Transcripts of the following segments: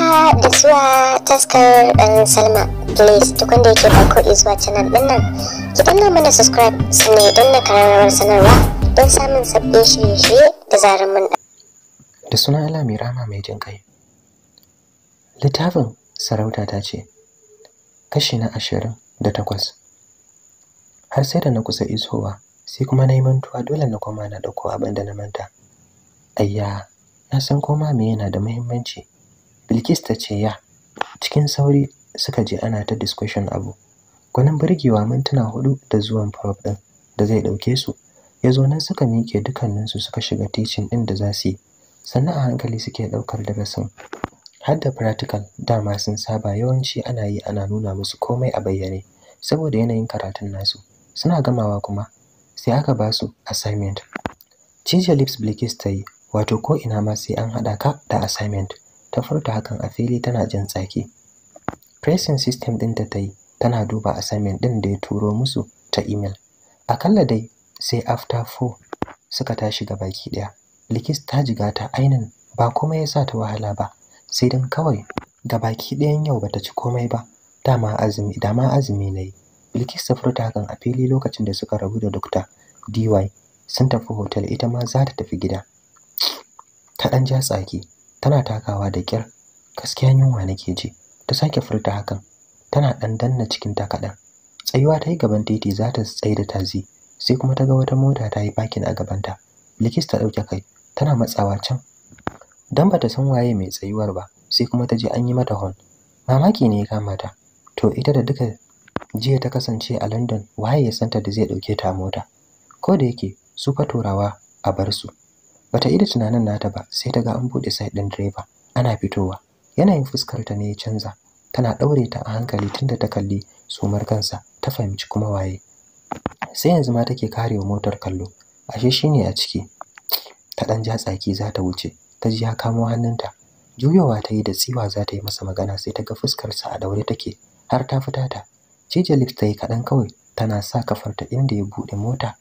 haka ah, da zuwa taskar ɗan um, salma please duk wanda yake farko izuwa canal ɗin nan ki danna mana subscribe ne don na kararrawar sanarwa don samun sabbi shirye-shirye da zarar mun da suna ala mai rama mai jin kai littafin sarauta ta ce kashi na ashirin da takwas har sai da na kusa isowa sai kuma na yi mantuwa dole na koma na ɗauko abin da na manta ayya na san koma me yana da muhimmanci bilkis ta ce ya cikin sauri suka je ana ta discussion abu gwanin burgewa mintuna hudu da zuwan prof din da zai dauke su ya zo nan suka miƙe dukkaninsu suka shiga teaching din da za su yi sannan a hankali suke daukar darasin har da practical dama sun saba yawanci ana yi ana nuna musu komai a bayyane saboda yanayin karatun nasu suna gamawa kuma sai aka ba su assignment cije lips bilkis ta yi wato ko ina ma sai an haɗa ka da assignment ta furta hakan a fili tana jin tsaki pressing system ɗinta ta yi tana duba assignment ɗin da ya turo musu ta email akalla dai sai after four suka tashi ga baki ɗaya likis ta jiga ta ainin ba komai ya sa ta wahala ba sai dan kawai ga baki ɗayan yau bata ci komai ba dama azumi dama azumi na yi ta furta hakan a fili lokacin da suka rabu da dokta dy sun tafi hotel ita ma za ta tafi gida ta ɗan ja tsaki tana takawa da kyar gaskiya yunwa nake ji ta sake furta hakan tana dan danna cikin ta kadan tsayuwa ta yi gaban titi za ta tsaye da tazi sai kuma ta ga wata mota ta yi parking a gabanta likis ta dauke kai tana matsawa can dan bata san waye mai tsayuwar ba sai kuma ta je an yi mata hon mamaki ne ya kama ta to ita da duka jiya ta kasance a London waye ya santa da zai dauke ta mota ko da yake su fa turawa a bar su bata yi da tunanin nata ba sai ta ga an buɗe side din direba ana fitowa yanayin fuskar ta ne ya canza tana daure ta a hankali tunda ta kalli sumar kansa ta fahimci kuma waye sai yanzu ma take karewa motar kallo ashe shine a ciki ta ɗan ja tsaki za ta wuce ta ji ya kamo hannunta juyowa ta yi da tsiwa za ta yi masa magana sai ta ga fuskarsa a daure take har ta fita ta cije ta yi kaɗan kawai tana sa kafarta inda ya buɗe mota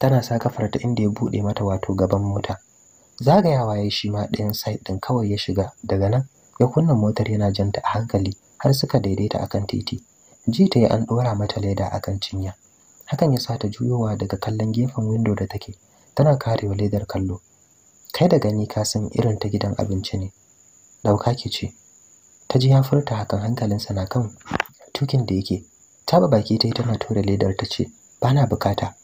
tana sa kafarta inda ya buɗe mata wato gaban mota zagayawa ya shi ma ɗayan side ɗin kawai ya shiga daga nan ya kunna motar yana janta a hankali har suka daidaita akan titi ji ta yi an ɗora mata leda akan cinya hakan ya sa ta juyowa daga kallon gefen window da take tana karewa ledar kallo kai da gani ka san irin ta gidan abinci ne Ɗauka ke ce ta ji ya furta hakan hankalinsa na kan tukin da yake ta baki ta yi tana tura ledar ta ce bana na bukata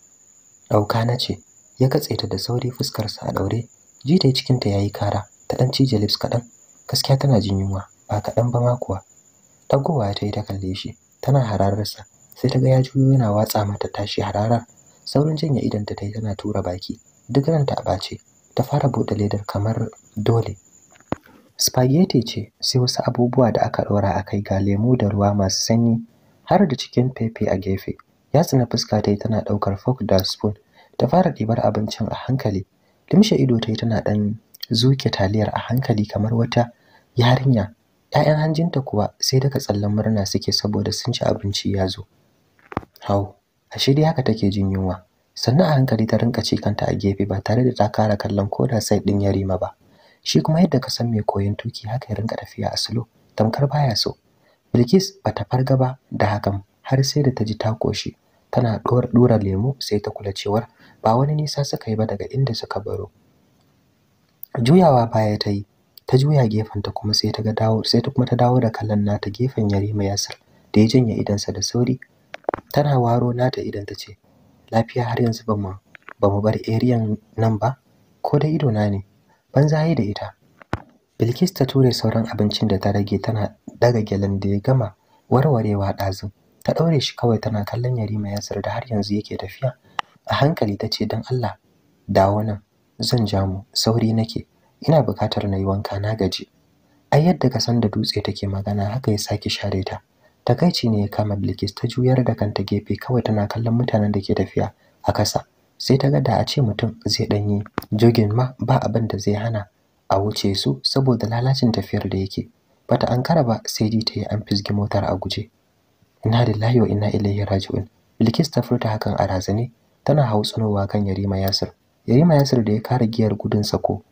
ɗauka na ce ya katse ta da sauri fuskarsa a ɗaure ji ta yayi ya yi kara ta ɗan cije lips kaɗan gaskiya tana jin yunwa ba kaɗan ba ma kuwa dagowa ta yi ta kalle shi tana harararsa sai ta ga ya juyo yana watsa mata tashi hararar saurin janye idon ta yi tana tura baki duk ran ta bace ta fara buɗe ledar kamar dole spaghetti ce sai wasu abubuwa da aka ɗora a kai ga lemu da ruwa masu sanyi har da cikin fefe a gefe ya tsina fuska ta yi tana ɗaukar fork da spoon ta fara ɗibar abincin a hankali limshe ido ta yi tana ɗan zuke taliyar a hankali kamar wata yarinya ‘ya'yan hanjinta kuwa sai daga tsallen murna suke saboda sun ci abinci ya zo hau a shirya haka take jin yunwa sannan a hankali ta rinka ce kanta a gefe ba tare da ta kara kallon koda sai ɗin yarima ba shi kuma yadda ka san mai koyon tuki haka ya rinka tafiya a salo, tamkar baya so bilkis ba ta farga ba da hakan har sai da ta ji ta koshi tana ɗora lemo sai ta kula cewar ba wani nisa suka yi ba daga inda suka baro juyawa baya ta yi ta juya gefen ta kuma sai ta ga dawo sai ta kuma ta dawo da kallon nata gefen yarima yasir da ya janye idansa da sauri tana waro nata idan ta ce lafiya har yanzu ba mu ba mu bar eriyan nan ba ko da ido na ne ban zaye da ita bilkis ta ture sauran abincin da ta rage tana daga gyalen da ya gama warwarewa ɗazun ta ɗaure shi kawai tana kallon yarima ya da har yanzu yake tafiya a hankali ta ce don allah dawo nan zan ja mu sauri nake ina buƙatar na yi wanka na gaji ai yadda ka san da dutse take magana haka ya sake share ta takaici ne ya kama bilkis ta juyar da kanta gefe kawai tana kallon mutanen da ke tafiya a kasa sai ta ga da a ce mutum zai ɗanyi jogin ma ba abin da zai hana a wuce su saboda lalacin tafiyar da yake bata an ankara ba sai dai ta yi an fisgi motar a guje Inna lillahi wa ya ilaihi raji'un. Bilkis ta furta hakan a razane, tana hautsinowa kan Yarima Yasir. Yarima Yasir da ya kare giyar gudun sako,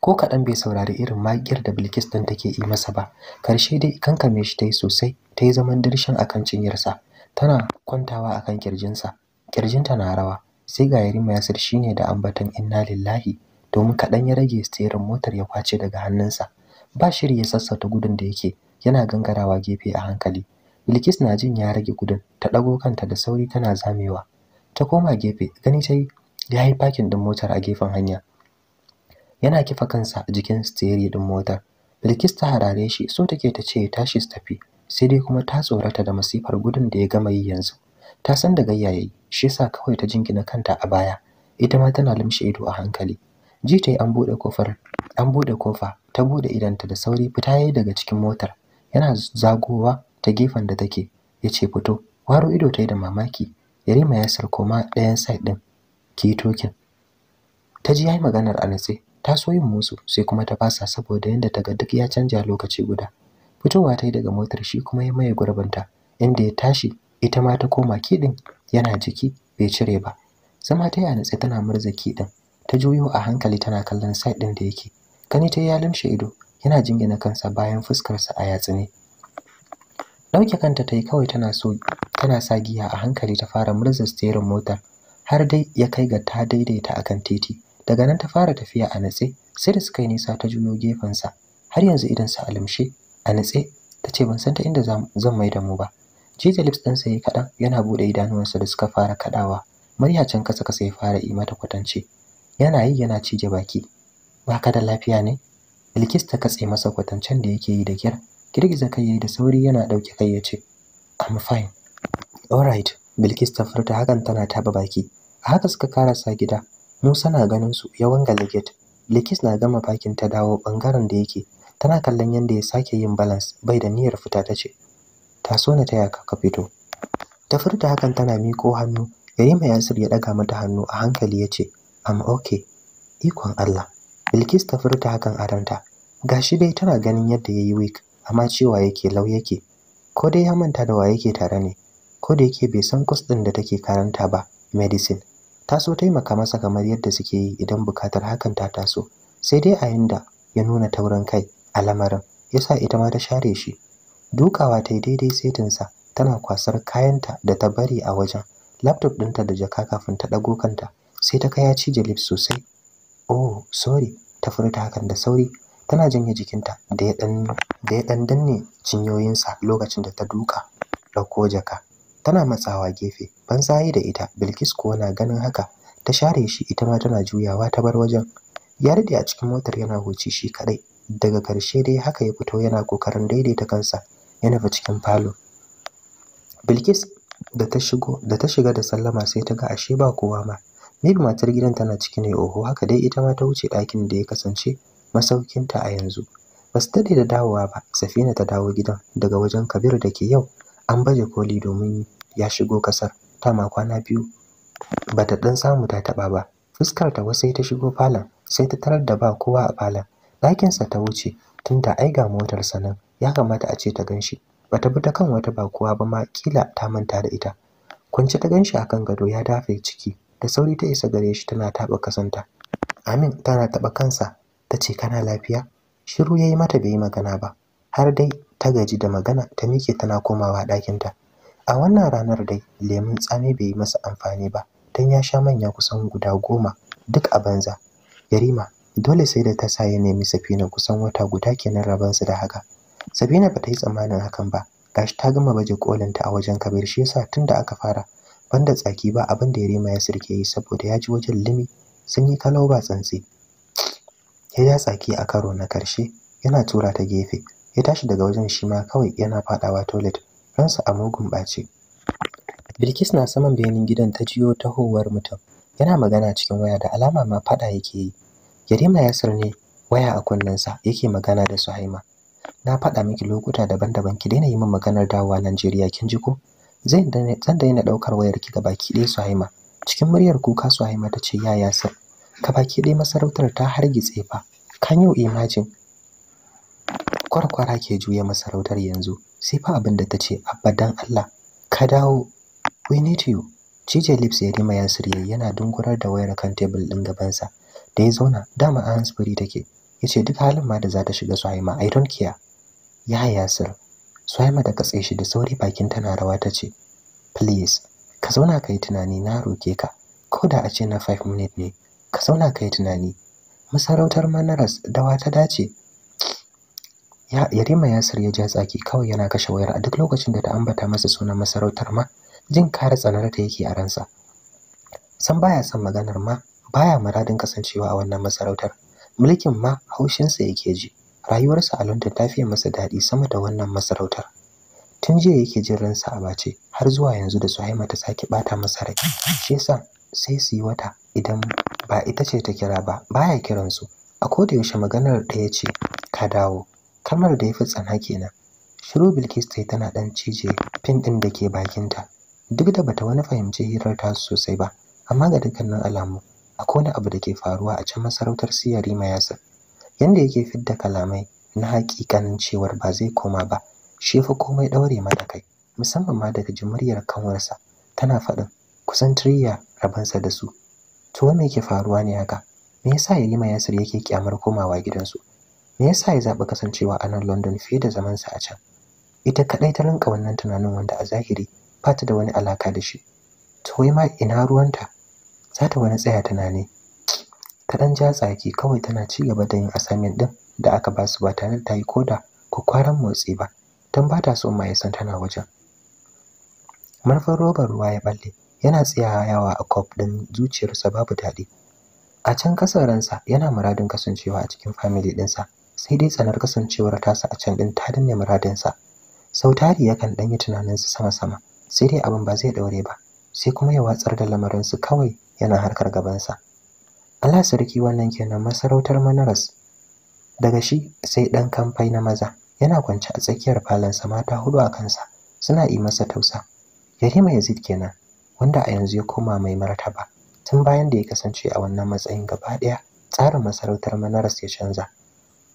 ko kaɗan bai saurari irin magiyar da Bilkis ɗin take yi masa ba. Karshe dai kankame shi ta yi sosai, ta yi zaman dirshin akan cinyarsa, tana kwantawa akan kirjinsa. Kirjinta na rawa, sai ga Yarima Yasir shine da ambatan, inna lillahi domin kaɗan ya rage sterin motar ya kwace daga hannunsa. Ba shiri ya sassauta gudun da yake, yana gangarawa gefe a hankali. Bilkis na jin ya rage gudun, ta ɗago kanta da sauri tana zamewa. Ta koma gefe, gani ta yi ya yi fakin ɗin motar a gefen hanya. Yana kifa kansa a jikin steri din motar. Bilkis ta harare shi, so take ta ce tashi su tafi, sai dai kuma ta tsorata da masifar gudun da ya gama yi yanzu. Ta san da gayya yayi, shi yasa kawai ta jingina kanta a baya. Ita ma tana limshe ido a hankali. Ji ta yi an buɗe kofar, an buɗe kofa, ta buɗe idanta da sauri fita yayi daga cikin motar. Yana zagowa ta gefen da take ya ce fito waro ido ta yi da mamaki yarima ya sarko ma ɗayan side ɗin ki tokin ta ji yi maganar a natse ta so yin musu sai kuma ta fasa saboda yadda ta ga duk ya canja lokaci guda fitowa ta yi daga motar shi kuma ya maye gurbinta inda ya tashi ita ma ta koma kiɗin yana jiki bai cire ba zama ta yi a natse tana murza kiɗin ta juyo a hankali tana kallon side ɗin da yake gani ta ya limshe ido yana jingina kansa bayan fuskarsa a ne ɗauke kanta ta yi kawai tana so tana sa giya a hankali ta fara murza steering motar har dai ya kai ga ta daidaita a kan titi daga nan ta fara tafiya a natse sai da suka yi nisa ta juyo gefensa har yanzu idan sa alamshe a natse ta ce ban san ta inda zan mai da mu ba jeje lips ɗin sa kaɗan yana buɗe idanuwansa da suka fara kaɗawa murya can kasa kasa ya fara yi mata kwatance yana yi yana cije baki baka da lafiya ne Bilkis ta katse masa kwatancen da yake yi da kyar girgiza kai yayi da sauri yana ɗauke kai yace ce i'm fine right. bilkis ta furta hakan tana taba baki a haka suka karasa gida musa na ganin su ya wanga gate bilkis na gama bakin ta dawo bangaren da yake tana kallon yadda ya sake yin balance bai da niyyar fita ta ce na taya ka ka fito ta furta hakan tana miko hannu yayi yarima yasir ya daga mata hannu a hankali yace ce am okay ikon allah bilkis ta furta hakan a ranta gashi dai tana ganin yadda yayi weak amma cewa yake lau yake ko dai ya manta da wa yake tare ne ko da yake bai san kus ɗin da take karanta ba medicine ta so taimaka masa kamar yadda suke yi idan bukatar hakan ta taso sai dai a yanda ya nuna taurin kai a lamarin ya sa ita ma ta share shi dukawa ta yi daidai setinsa tana kwasar kayanta da ta bari a wajen laptop ɗinta da jaka kafin ta ɗago kanta sai ta kaya ci lips sosai oh sorry ta furta hakan da sauri tana janye jikinta da ya dan danne cinyoyinsa lokacin da ta duka ɗauko jaka tana matsawa gefe ban sayi da ita Bilkis kuwa na ganin haka ta share shi ita ma tana juyawa ta bar wajen ya rade a cikin motar yana huci shi kadai daga karshe dai haka ya fito yana kokarin daidaita kansa ya nufi cikin falo Bilkis da ta shiga da sallama sai ta ga ashe ba kowa ma Maybe matar gidan tana cikin ne oho haka dai ita ma ta wuce ɗakin da ya kasance masaukin ta a yanzu ba su daɗe da dawowa ba safina ta dawo gidan daga wajen kabir da ke yau an baje koli domin ya shigo kasar ta ma kwana biyu ba ta ɗan samu ta taɓa ba fuskar ta wasai ta shigo falon sai ta tarar da ba kowa a falon ɗakinsa ta wuce tunda ai ga sa nan ya kamata a ce ta ganshi bata bi ta kan wata ba kowa ba ma kila ta manta da ita kwance ta ganshi akan gado ya dafe ciki da sauri ta isa gare shi tana taɓa kasanta amin tana taɓa kansa ta ce kana lafiya shiru ya yi mata bai yi magana ba har dai ta gaji da magana ta miƙe tana komawa ɗakinta a wannan ranar dai lemun tsami bai yi masa amfani ba don ya sha manya kusan guda goma duk a banza yarima dole sai da ta sa ya nemi safina kusan wata guda kenan rabansu da haka safina ba ta yi tsammanin hakan ba gashi ta gama baje kolinta a wajen kabir shi yasa tun da aka fara banda tsaki ba abin da yarima ya sirke yi saboda ya ji wajen limi sun yi kalau ba tsantsi ya ja tsaki a karo na karshe yana tura ta gefe ya tashi daga wajen shi ma kawai yana faɗawa toilet ransa a mugun ɓace bilkis na saman benin gidan ta jiyo tahowar mutum yana magana cikin waya da alama ma fada yake yi yarima ya ne waya a kunnensa yake magana da suhaima na faɗa miki lokuta daban-daban ki daina yi min maganar dawowa najeriya kin ji ko zan daina ɗaukar wayar ki gabaki ɗaya suhaima cikin muryar kuka suhaima ta ce ya yasir baki ɗaya masarautar ta hargitse fa can you imagine kwarkwara ke juya masarautar yanzu sai fa abin da ta ce abadan Allah ka dawo we need you cije lips ya rima yasir ya yana dungurar da wayar kan tebul din gabansa da ya zauna dama a hands take yace duk halin ma da za ta shiga Suhaima I don't care ya yasir Suhaima da katse shi da sauri bakin tana rawa tace please ka zauna kai tunani na roke ka ko da a ce na 5 minute ne ka zauna ka yi tunani masarautar manaras dawa ta dace yarima ya ya ja tsaki kawai yana kashe wayar a duk lokacin da ta ambata masa sunan masarautar ma jin kare tsanarta yake a ransa san baya san maganar ma baya muradin kasancewa a wannan masarautar mulkin ma haushinsa yake ji rayuwarsa a London ta fiye masa daɗi sama da wannan masarautar tun jiya yake jin ransa a bace har zuwa yanzu da Suhaima ta sake bata masa rai shi yasa sai su yi wata idan ba ita ce ta kira ba baya kiran su a koda yaushe maganar ɗaya ce ka dawo Kamar da ya fi tsana kenan shiru Bilkis yi tana dan cije fim din da ke bakinta duk da bata wani fahimci hirar ta sosai ba amma ga dukkanin alamu akwai wani abu da ke faruwa a can masarautar siyari yasa yanda yake fidda kalamai na hakikanin cewar ba zai koma ba shi fa komai daure mata kai musamman ma daga jimuriyar kanwarsa tana faɗin kusan tiriya rabansa da su to me ke faruwa ne haka me yasa Yarima Yasir yake kyamar komawa gidansu me yasa ya zaɓi kasancewa a nan London fiye da zaman sa a can ita kadai ta rinka wannan tunanin wanda a zahiri ba ta da wani alaka da shi to ma ina ruwanta za ta wani tsaya tunani ta dan ja tsaki kawai tana ci gaba da yin assignment din da aka ba su ba tare da tayi yi koda kwakwaran motsi ba don ba ta so ma ya san tana wajen manufar robar ruwa ya balle yana tsayawa yawa a kof ɗin zuciyarsa babu daɗi a can ƙasa yana muradin kasancewa a cikin family ɗinsa sai dai tsanar kasancewar tasa a can ɗin ta danne muradinsa sau tari yakan ɗan yi tunaninsa sama-sama sai dai abin ba zai ɗaure ba sai kuma ya watsar da lamarinsu kawai yana harkar gabansa Allah sarki wannan kenan masarautar Manaras daga shi sai ɗan kamfai na maza yana kwance a tsakiyar falonsa mata hudu a kansa suna yi masa tausa Yarima Yazid kenan wanda a yanzu ya koma mai martaba tun bayan da ya kasance a wannan matsayin gaba ɗaya tsarin masarautar manaras ya canza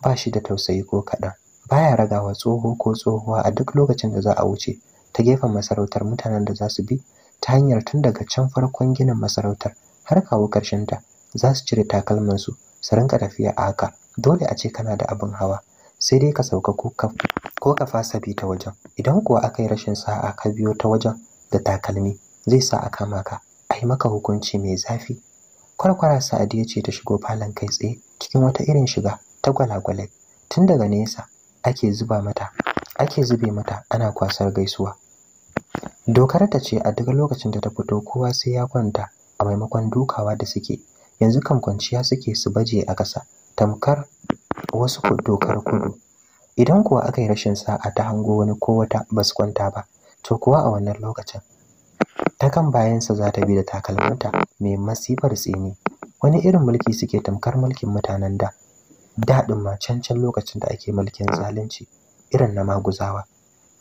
ba shi da tausayi ko kaɗan baya ragawa tsoho ko tsohuwa a duk lokacin da za a wuce ta gefen masarautar mutanen da za su bi ta hanyar tun daga can farkon ginin masarautar har kawo ta za su cire takalmansu su rinka tafiya a haka dole a ce kana da abin hawa sai dai ka sauka ko ka fasa bi ta wajen idan kuwa aka yi rashin sa'a ka biyo ta wajen da takalmi zai sa a kama ka a yi maka hukunci mai zafi kwarkwara sa'adiya ce ta shigo falon kai tsaye cikin wata irin shiga ta gwalagwalai tun daga nesa ake zuba mata ake zube mata ana kwasar gaisuwa dokar ta ce a duk lokacin da ta fito kowa sai ya kwanta a maimakon dukawa da suke yanzu kan kwanciya suke su baje a ƙasa tamkar wasu dokar kudu idan kuwa aka yi rashin sa'a ta hango wani ko wata ba su kwanta ba to kuwa a wannan lokacin ta kan bayansa za ta bi da takalmanta mai masifar tsini wani irin mulki suke tamkar mulkin mutanen da daɗin ma cancan lokacin da ake mulkin zalunci irin na maguzawa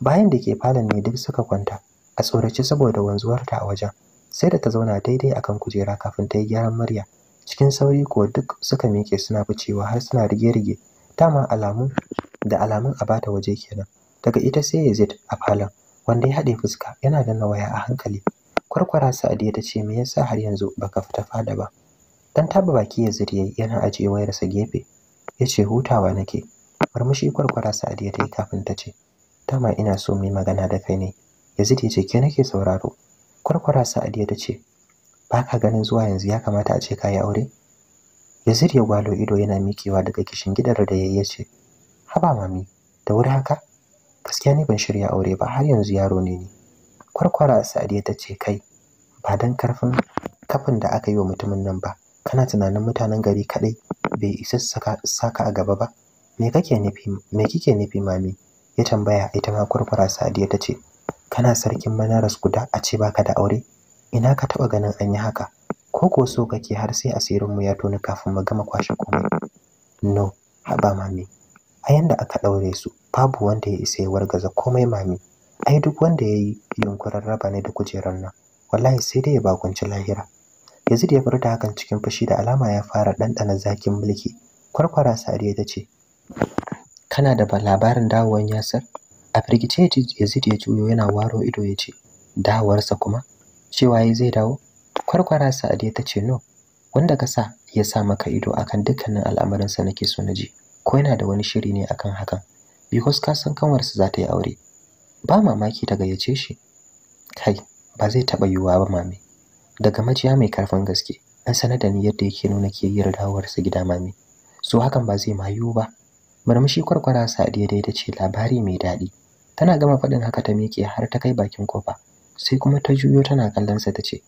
bayan da ke falon ne duk suka kwanta a tsoraci saboda wanzuwarta a wajen sai da ta zauna daidai akan kujera kafin ta yi gyaran murya cikin sauri kuwa duk suka miƙe suna ficewa har suna rige-rige dama alamun da alamun a bata waje kenan daga ita sai yazid a falon wanda ya haɗe fuska yana danna waya a hankali kwarkwara sa'adiya ta ce me yasa har yanzu baka fita fada ba dan taba baki ya zuriye yana ajiye wayarsa gefe yace hutawa nake murmushi kwarkwara sa'adiya ta yi kafin ta ce dama ina so mu magana da kai ne yazid jeke ce ke nake sauraro kwarkwara sa'adiya ta ce ba ka ganin zuwa yanzu ya kamata a ce ka yi aure yazid ya gwalo ido yana mikewa daga kishin gidar da yayi yace haba mami da wuri haka gaskiya ni ban shirya aure ba har yanzu yaro ne ni kwarkwara sadiya ta ce kai ba dan karfin kafin da aka yi wa mutumin nan ba kana tunanin mutanen gari kaɗai bai isa saka a gaba ba me kake nufi me kike nufi mami ya tambaya ita ma kwarkwara sadiya ta ce kana sarkin manaras guda a ce baka da aure ina ka taba ganin an yi haka ko ko so kake har sai asirin mu ya toni kafin mu gama kwashe komai no haba mami a yanda aka daure su babu wanda ya isa ya wargaza komai mami ai duk wanda ya yi yunkurin raba ne da kujerar nan wallahi sai dai ya bakunci lahira yazid ya da hakan cikin fushi da alama ya fara ɗanɗana zakin mulki kwarkwara sariya ta ce kana da labarin dawowar yasir a firgice yazid ya juyo yana waro ido ya ce dawowarsa kuma cewa ya zai dawo kwarkwara sa'adiya ta ce no wanda ka sa ya sa maka ido akan dukkanin al'amuransa nake so na ji ko yana da wani shiri ne akan hakan because kasan san kanwarsa za ta yi aure ba mamaki ta gayyace shi kai ba zai taɓa yiwuwa ba mami daga majiya mai karfin gaske an sanar da ni yadda yake nuna kiyayyar dawowarsa gida mami so hakan ba zai mayu ba murmushi kwarkwara sadiya dai ta ce labari mai daɗi tana gama faɗin haka ta miƙe har ta kai bakin kofa sai kuma ta juyo tana kallon sa ta ce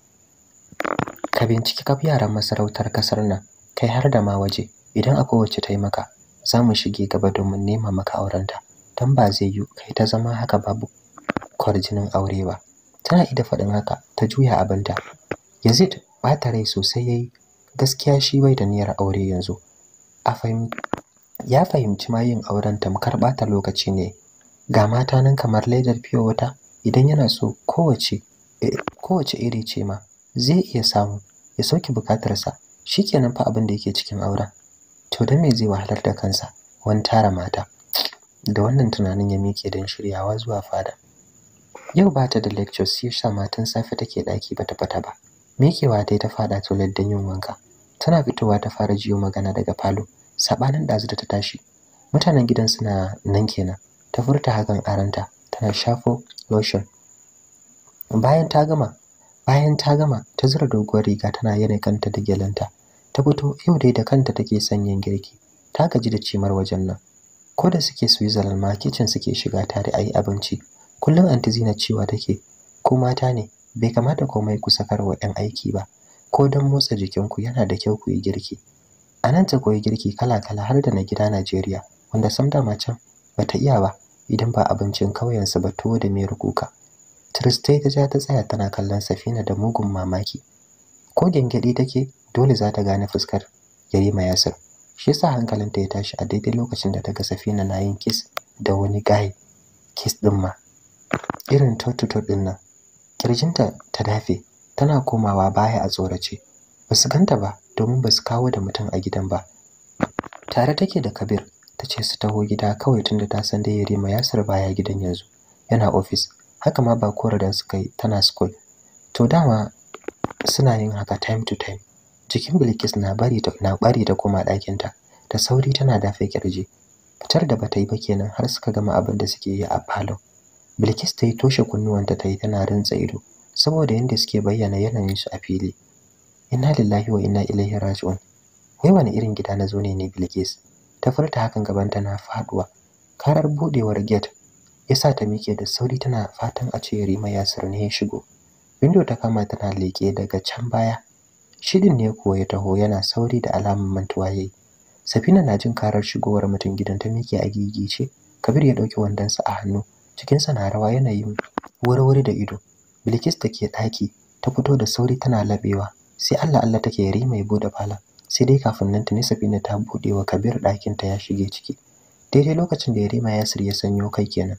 ka binciki kaf yaran masarautar kasar nan kai har da ma waje idan akwai wacce ta yi maka za mu shige gaba domin nema maka aurenta dan ba zai yi kai ta zama haka babu kwarjinin aure ba tana ida faɗin haka ta juya abinta Yazid bata rai sosai yayi gaskiya shi bai da niyyar aure yanzu a fahim ya fahimci ma yin auren tamkar bata lokaci ne ga mata nan kamar ledar fiyo wata idan yana so kowace e, kowace iri ce ma zai iya samu ya sauke bukatarsa shikenan fa abin da yake cikin auren to dan me zai wahalar da kansa wani tara mata da wannan tunanin ya miƙe don shiryawa zuwa fada yau ba ta da lectures sai sa matan safe take ɗaki bata fita ba mekewa dai ta fada tolet don yin wanka tana fitowa ta fara jiyo magana daga falo sabanin ɗazu da ta tashi mutanen gidan suna nan kenan ta furta hakan aranta tana shafo lotion bayan ta gama bayan ta gama ta zura doguwar riga tana yana kanta da gyalanta ta fito yau dai da kanta take sanyin girki ta gaji da cimar wajen nan ko da suke Switzerland ma kicin suke shiga tare ayi abinci kullum anti Zina cewa take ko mata ne bai kamata komai ku wa 'yan aiki ba ko don motsa jikinku yana da kyau ku yi girki a nan ta koyi girki kala-kala har da na gida Najeriya wanda sam dama ba bata iya ba idan ba abincin kauyensu ba to da miyar kuka Tristai ta ja ta tsaya tana kallon Safina da mugun mamaki ko gengedi take dole za ta gane fuskar Yarima Yasir shi yasa hankalinta ya tashi a daidai lokacin da ta ga Safina na yin kiss da wani guy kis din ma irin totuto din nan kirjinta ta dafe tana komawa baya a tsorace ba su ganta ba domin ba su kawo da mutum a gidan ba tare take da Kabir ta ce su taho gida kawai tunda ta san dai ma Yasir baya gidan yanzu yana ofis, haka ma ba kora da suka yi tana school to dama suna yin haka time to time Cikin Bilkis na bari ta na bari ta koma ɗakinta. Da sauri tana dafe kirji. Fitar da bata yi ba kenan har suka gama abin da suke yi a falon. Bilkis ta yi toshe kunnuwanta ta yi tana rintsa ido saboda yadda suke bayyana yanayin su a fili. Inna lillahi wa inna ilaihi raji'un. Wai wani irin gida na zo ne ne Bilkis? Ta furta hakan gabanta na faduwa. Karar budewar gate yasa ta mike da sauri tana fatan a ce Rima Yasir ne ya shigo. Window ta kama tana leke daga can baya Shirin ne kuwa ya taho yana sauri da alamar mantuwa ya yi. Safina na jin karar shigowar mutum gidan ta miƙe a gigice. Kabir ya ɗauki wandonsa a hannu, cikinsa na rawa yanayin wurwuri da ido. Bilkis da ke ɗaki ta fito da sauri tana laɓewa Sai Allah Allah take yari mai buɗe fala Sai dai kafin nan tuni Safina ta buɗe wa Kabir ɗakin ta ya shige ciki. Daidai lokacin da Yarima Yasir ya sanyo kai kenan.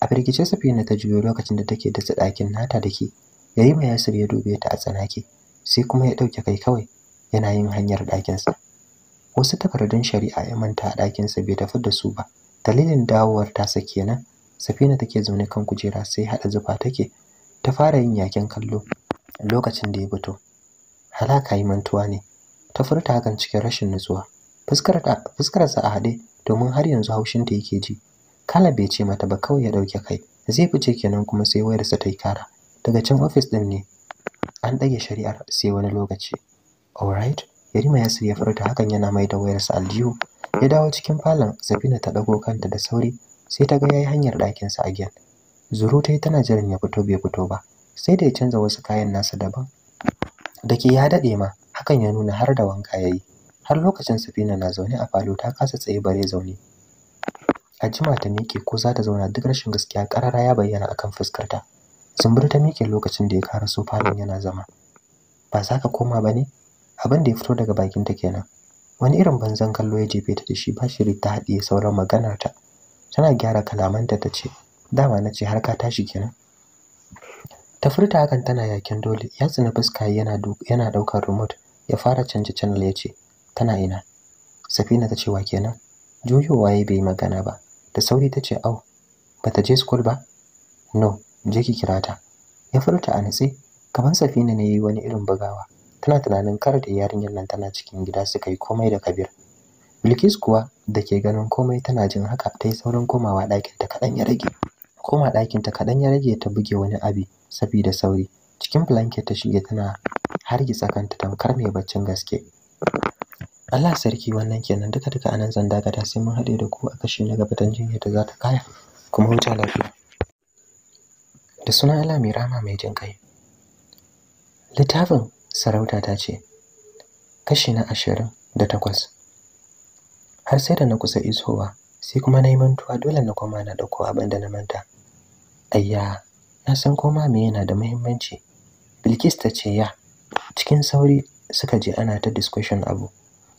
A firgice Safina ta juyo lokacin da take dasa ɗakin nata da ke. Yarima Yasir ya dube ta a tsanake. sai kuma ya ɗauke kai kawai yana yin hanyar ɗakinsa wasu takardun shari'a ya manta a ɗakinsa bai tafi da su ba dalilin dawowar tasa kenan safina take zaune kan kujera sai haɗa zufa take ta fara yin yakin kallo lokacin da ya fito halaka yi mantuwa ne ta furta hakan cikin rashin nutsuwa fuskarsa a haɗe domin har yanzu haushinta yake ji kala bai ce mata ba kawai ya ɗauke kai zai fice kenan kuma sai wayarsa ta yi kara daga can ofis ɗin ne an ɗage shari'ar sai wani lokaci alright yarima yasir ya ta hakan yana mai da wayarsa aljihu ya dawo cikin falon safina ta ɗago kanta da sauri sai ta ga yayi hanyar ɗakinsa a giyan zurutai tana jiran ya fito bai fito ba sai da ya canza wasu kayan nasa daban da ke ya daɗe ma hakan ya nuna har da wanka ya yi har lokacin safina na zaune a falo ta kasa tsaye bare zaune a jima ta miƙe ko za ta zauna duk rashin gaskiya ƙarara ya bayyana akan fuskarta zumbur ta miƙe lokacin da ya so falon yana zama ba za ka koma ba ne abin da ya fito daga bakin ta kenan wani irin banzan kallo ya jefe ta da shi ba shiri ta haɗiye sauran maganar ta tana gyara kalamanta ta ce dama na ce har ka tashi kenan ta furta hakan tana yakin dole ya tsina fuska yana yana ɗaukar remote ya fara canja channel ya ce tana ina safina ta ce wa kenan juyowa ya bai magana ba da sauri ta ce au ba ta je school ba no je ki kira ta ya furta a nitse kaman safina ne yayi wani irin bugawa tana tunanin kar da yarinyar nan tana cikin gida suka yi komai da kabir bilkis kuwa da ke ganin komai tana jin haka ta yi saurin komawa ɗakin ta kaɗan ya rage koma ɗakin ta kaɗan ya rage ta buge wani abi saboda sauri cikin blanket ta shige tana hargitsa kanta tamkar mai baccin gaske Allah sarki wannan kenan duka duka anan zan dagada sai mun haɗe da ku a kashi na gaba don jinya da za ta kaya kuma wuta lafiya da suna ala mai rama mai jin kai littafin sarauta ta ce kashi na ashirin da takwas har sai da na kusa isowa sai kuma na yi mantuwa dole na koma na ɗauko abin da na manta ayya na san koma me yana da muhimmanci bilkis ta ce ya cikin sauri suka je ana ta discussion abu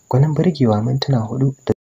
gwanin birgewa mintuna hudu da